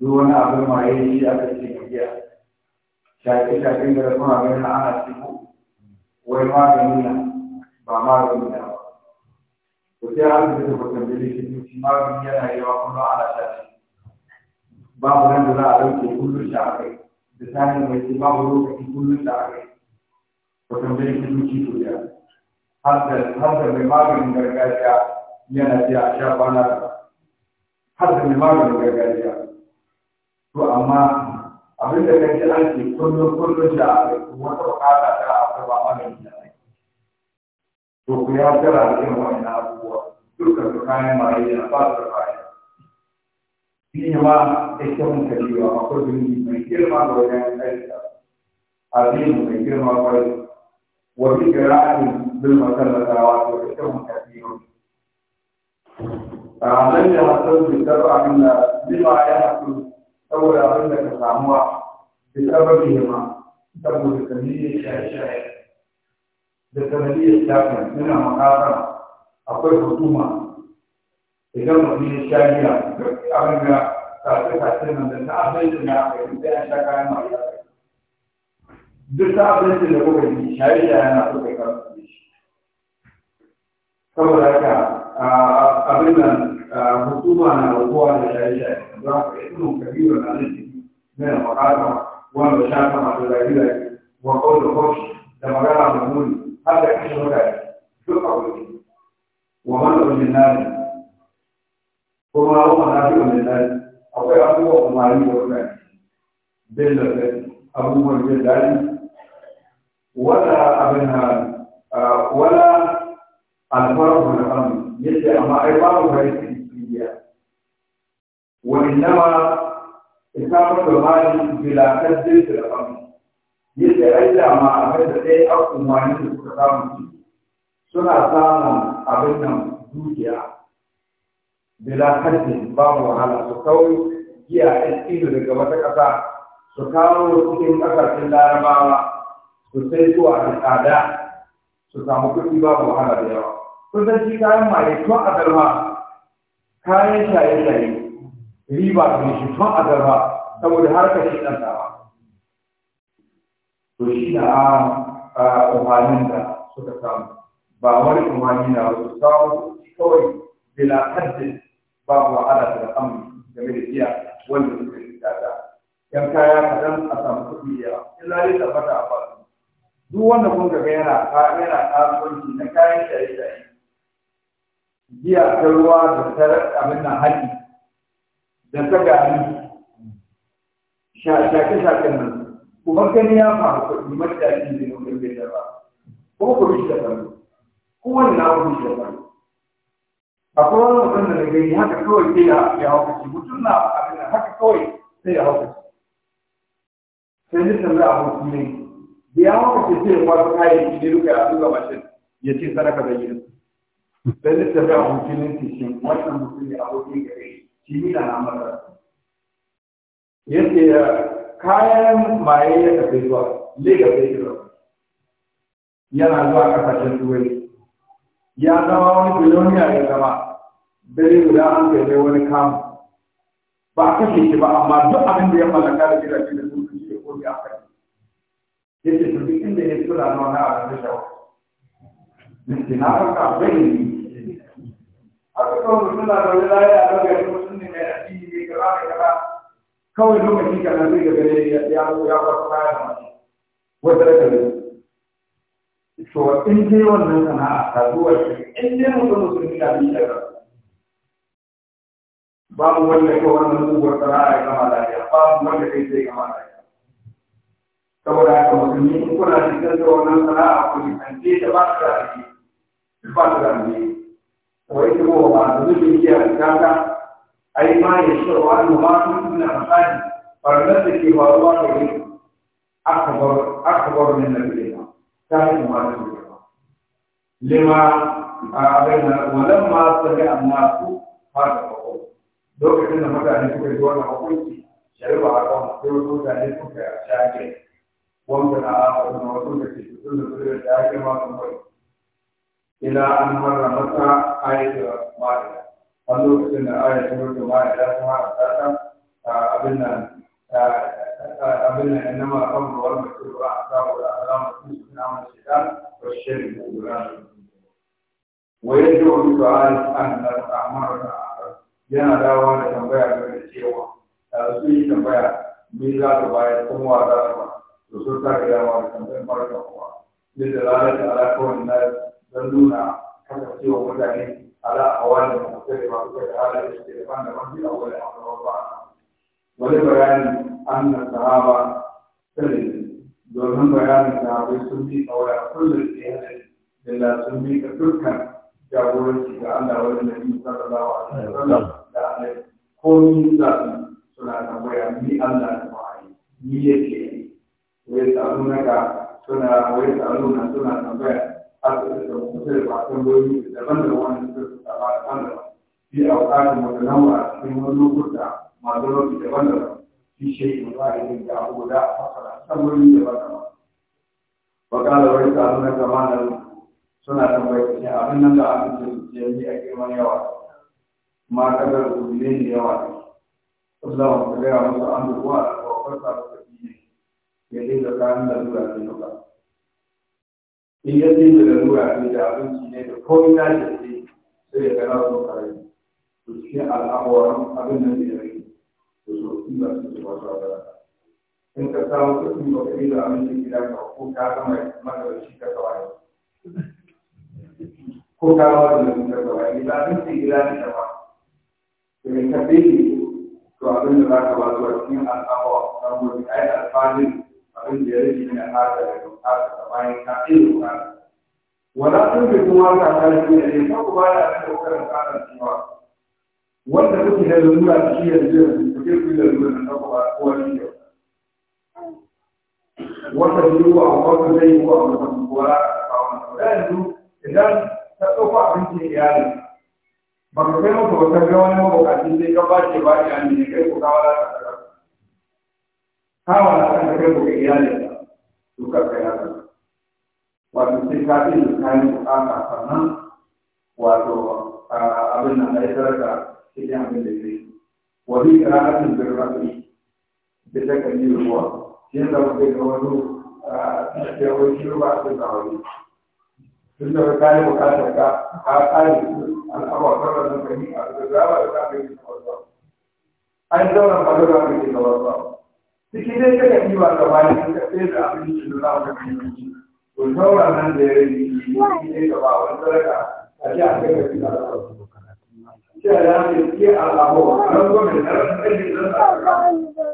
duk wani abin maye shi aka ce giya shaƙe-shaƙen da kuma abin na ana ciko wai magani na ba magani na ba ko sai an da ta kwatanta likitoci magani yana yawa kuma ana shaƙe babu nan da za a ɗauke kullum shaƙe da Sani mai ce babu lokaci kullum da kwatanta likitoci to ya har da mai maganin gargajiya yana ce a sha kwana har da mai maganin gargajiya to amma abin da kake an ce kullum kullum da wata bukata ta akwai a magani da ai to ku ya tara da irin wannan abubuwa dukkan su kayan maye da ba su baya shi ma ke mun kariwa a zunubi mai girma da wajen aika azimu mai girma kwarai wa bi qira'atin bil masallatawa to ita mun kariwa a nan da hasan da tar'a min lima ya hasu أولى عندك الأموع بالأبدهما تبو تتمية شاشة تتمية شاشة منها مقاطع أقول حكومة إذا ما فيه شاشة أمنا تأتي تأتي من دلنا أحضر جميع أخير إذا أنت كان مريضا دلتا أبدا تلقوا بجميع شاشة أنا أقول بكرة تبو لك أبدا hukuma na rabuwa da shaye-shaye za ka ibnu na nan na da makata wanda shaka masu rayuwa wa kawo da kwashi da magana mai muni har da kashe mutane duk a wa mana wajen nari akwai abubuwan umarni da mutane bin abubuwan jin wala وإنما إصابة المال بلا تسجيل في الأمر يتعدى ما أبدا أي أو أماني الكتاب سنة سامة أبدا دوجيا بلا تسجيل بام على سكوي جيا إسكيلو لقبتك أسا سكاو سكين أكثر في الأربعة سكيتو على الأعداء su samu kuɗi babu wahala da yawa. Kusan shi kayan maye tun a dalma kayan shaye-shaye riba ta shi tun a gaba saboda harkar shi ɗan dawa to shi na a umarnin da suka samu ba wani umarni na wasu samu kawai bila haddin babu wahala da amu game da biya wanda suka yi tsada yan kaya kaɗan a samu kuɗi yawa in lalai tabbata a fasu duk wanda kun ga yana yana kasuwanci na kayan shaye-shaye biya ta ruwa da ta abin nan haƙi da ta gari shaƙe-shaƙen nan kuma gani ya faru kuɗi matashi da nufin bai da ba ko ku shi da ko wani na ku shi da faru akwai wani mutum da gani haka kawai sai ya ya haukaci mutum na abin haka kawai sai ya haukaci sai ni tambaya abokin ne da ya haukaci sai ya kwaso kayan ne duka ya duka mashin ya ce sadaka da gidan sai ni tambaya abokin ne shi wannan mutum ne abokin gare shi na amara yace kayan maye ya tafi zuwa lega bai yana zuwa kasashen turai ya zama wani biloniya ya zama dare guda an kai wani kamu ba a kashe shi ba amma duk abin da ya mallaka da gidaje da sun kashe ya koyi a kai yace to duk inda ya tura na a abin da shawo na farka bai ne aka kawo mutum na zaune lafiya a lokacin mutum ne mai addini ne kaza da kaza kawai lokaci kana zai ga gare ya ya ya kwasu kaya da mace wata da kaza to in dai wannan sana'a ta zuwa in dai mutum musulmi na bi da babu wanda ka wannan muguwar sana'a ya gama lafiya babu wanda kai zai gama lafiya saboda haka musulmi in kuna cikin da wannan sana'a ku nisance ta ba ta da ba ta da wai kuma ba da zuci ke a kaka ai ma ya shi wa annu ma su na masani farnar da ke ba ruwa da yi akabar ne na bile ta yi kuma da zuci ba a abin na ma su amma su ba da lokacin da mutane suka yi wannan hukunci shari'a a kan sai mutane suka shaƙe wanda na wasu da ke tutun da su da shaƙe ma sun bari إلى أن مر مكة آية واحدة اللوك سنة آية سورة مائدة سماء الثالثة أبنا أبنا إنما الأمر والمكتوب والأحزاب والأعلام والكنس من عمل الشيطان والشرك والغرام ويدعو بسؤال أن الأعمار yana dawowa da tambaya game da cewa da su yi tambaya me za su bayar kuma wa za su ba to sun sa don nuna kasancewa mutane ala a wani da mutum da masu kai da halaye da suke da ban da ban a wani a kawo ba wani bayanin an na sahaba sani domin bayanin sahabai sun bi a waya kullum da ya ce da sun bi ka dukkan jagoranci ga Allah wani da yi sallallahu alaihi wasallam da alai komi za su suna tambaya ni Allah da ma'ai ni yake wai tsarunaka suna wai tsaruna suna tambaya da tambayoyi daban suka daban a cikin wani lokuta masu rauni daban-daban fi shayin da daban na kama na suna tambayar cikin da da a girman yawa ne yawa ne gaya musu an a kawafarsa da ne ya dinga kayan da zuwa ne duka in ya ce da abinci ne da na da ce sai ya gana su kare to cikin al'amuran abin nan da to ba in ka shi ko ba da shi da da ba a da bukata bayan ka wala sun fi kuma ka kare ne ne ku ba da da kokarin karan cewa wanda da shi yanzu ku ke ku da lura ba ko wani a wata zai yi wa wata kuwa a wata yanzu idan ta tsofa abinci ba ka kai wani sai ka ba ke ba ne kai ku ka ka to karka ya zama wato sai ka fi da kayan bukata sannan wato abin nan ya tarka cikin abin da ya Wani wa bi qira'atin bil rafi da takalli ruwa yin da kai A cikin da shiru ba a cikin kawai tun da ka yi bukatar ka ka tsari al'awa sarrafa da fahimta da zaba da ta kai da wasu an zauna a lura da ke da ba. ciki dai ka ka ɗiba ka bayi ka tsaye da abinci da za ka kanyanci to saura nan da ya rage ciki dai ka ba wani sadaka a ce a kai ka fi da su ce ya ce ke al'abuwa nan gwamnati na rasu ɗaya da za ka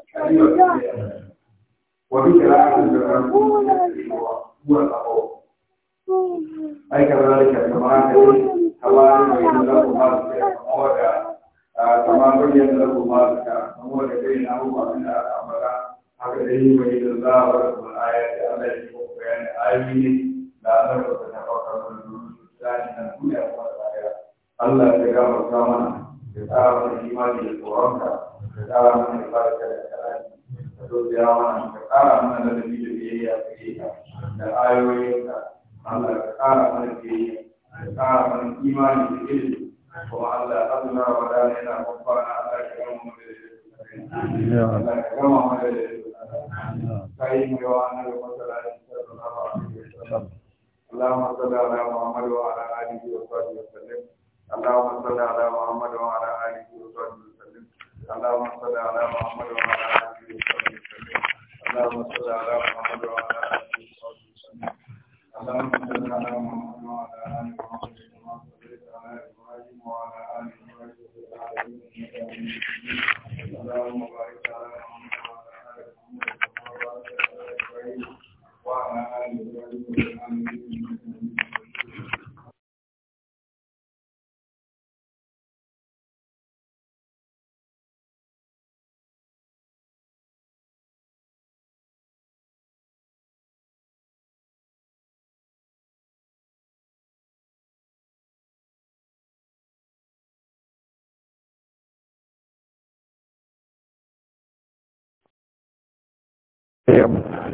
kanyanci وبقراءة بالرسول هو الأقوى أي كذلك كما كما بين له مالك فمولى كما بين da مالك فمولى بينهما da الأمر haka dai yi mai da za a wata mun aya da ana yi ko bayan ayoyi ne da ana wata na da mun duniya tsani na duniya kuma tsaya Allah ya gama kama da ta tsara mun imani da tsoronka da ta tsara mun ibarka da karani da sosiya mana ka tsara mana da biyu da biyayya ka yi da ayoyinka Allah ka tsara mana biyayya ka tsara mana imani da ilimi kuma Allah ta azuna wa dana yana kwamfana Allah ya gama mu da ya gama mu da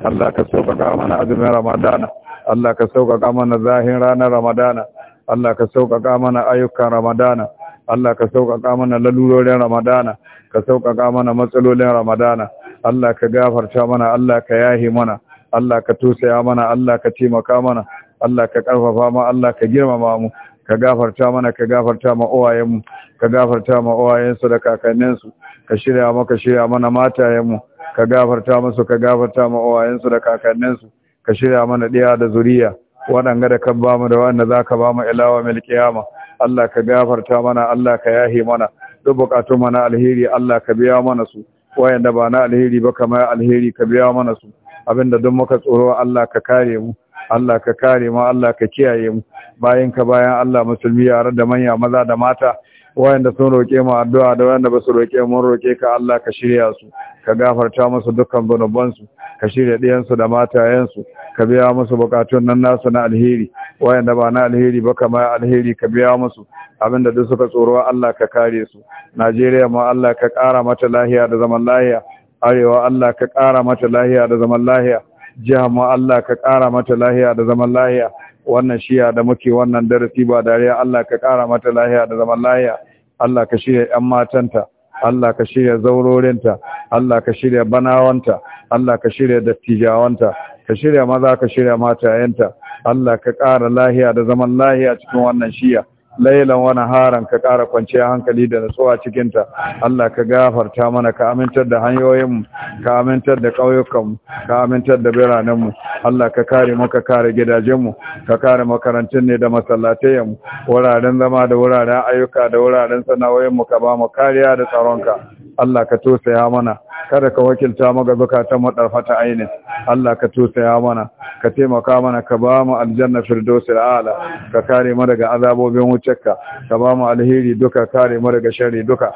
Allah ka sauƙaƙa mana azumin Ramadana Allah ka sauƙaƙa mana zahin ranar Ramadana Allah ka sauƙaƙa mana ayyukan Ramadana Allah ka sauƙaƙa mana lalurorin Ramadana ka sauƙaƙa mana matsalolin Ramadana Allah ka gafarta mana Allah ka yahi mana Allah ka tusaya mana Allah ka taimaka mana Allah ka ƙarfafa mu Allah ka girmama mu ka gafarta mana ka gafarta ma mu ka gafarta ma su da kakanninsu ka shirya maka shirya mana matayenmu ka gafarta musu ka gafarta ma uwayensu da kakanninsu ka shirya mana ɗiya da zuriya waɗanga da kan bamu da wanda za ka bamu ilawa mil kiyama Allah ka gafarta mana Allah ka yahi mana duk bukatun mana alheri Allah ka biya mana su wayanda ba na alheri ba kamar alheri ka biya mana su abinda duk muka tsoro Allah ka kare mu Allah ka kare mu Allah ka kiyaye mu bayan ka bayan Allah musulmi yaran da manya maza da mata wayanda sun roƙe mu addu'a da wayanda ba su roƙe mun roƙe ka Allah ka shirya su ka gafarta musu dukkan su ka shirya ɗayansu da matayensu ka biya musu bukatun nan nasu na alheri wayanda ba na alheri ba kama alheri ka biya musu abinda duk suka tsoro Allah ka kare su Najeriya ma Allah ka ƙara mata lahiya da zaman lahiya arewa Allah ka ƙara mata lahiya da zaman lahiya jiha ma Allah ka ƙara mata lahiya da zaman lahiya wannan shiya da muke wannan darasi ba dariya Allah ka kara mata lahiya da zaman lahiya Allah ka shirya ‘yan matanta Allah ka shirya zaurorinta Allah ka shirya banawanta Allah ka shirya dattijawanta ka shirya maza ka shirya matayenta Allah ka kara lahiya da zaman lahiya cikin wannan shiya lailan wa naharan ka ƙara kwanciya hankali da nutsuwa cikin ta Allah ka gafarta mana ka amintar da hanyoyin ka amintar da ƙauyukan ka amintar da biranen mu Allah ka kare mu ka kare gidajen mu ka kare makarantun ne da masallatai wuraren zama da wuraren ayyuka da wuraren sana'o'in mu ka ba mu kariya da tsaron ka Allah ka tosaya mana kada ka wakilta maka ga zakatan mu aini. Allah ka tosaya mana ka taimaka mana ka ba mu aljanna firdausil ala ka kare mu daga azabobin wucekka ka ba mu alheri duka kare mu daga sharri duka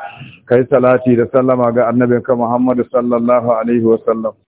kai salati da sallama ga annabinka Muhammad sallallahu alaihi wasallam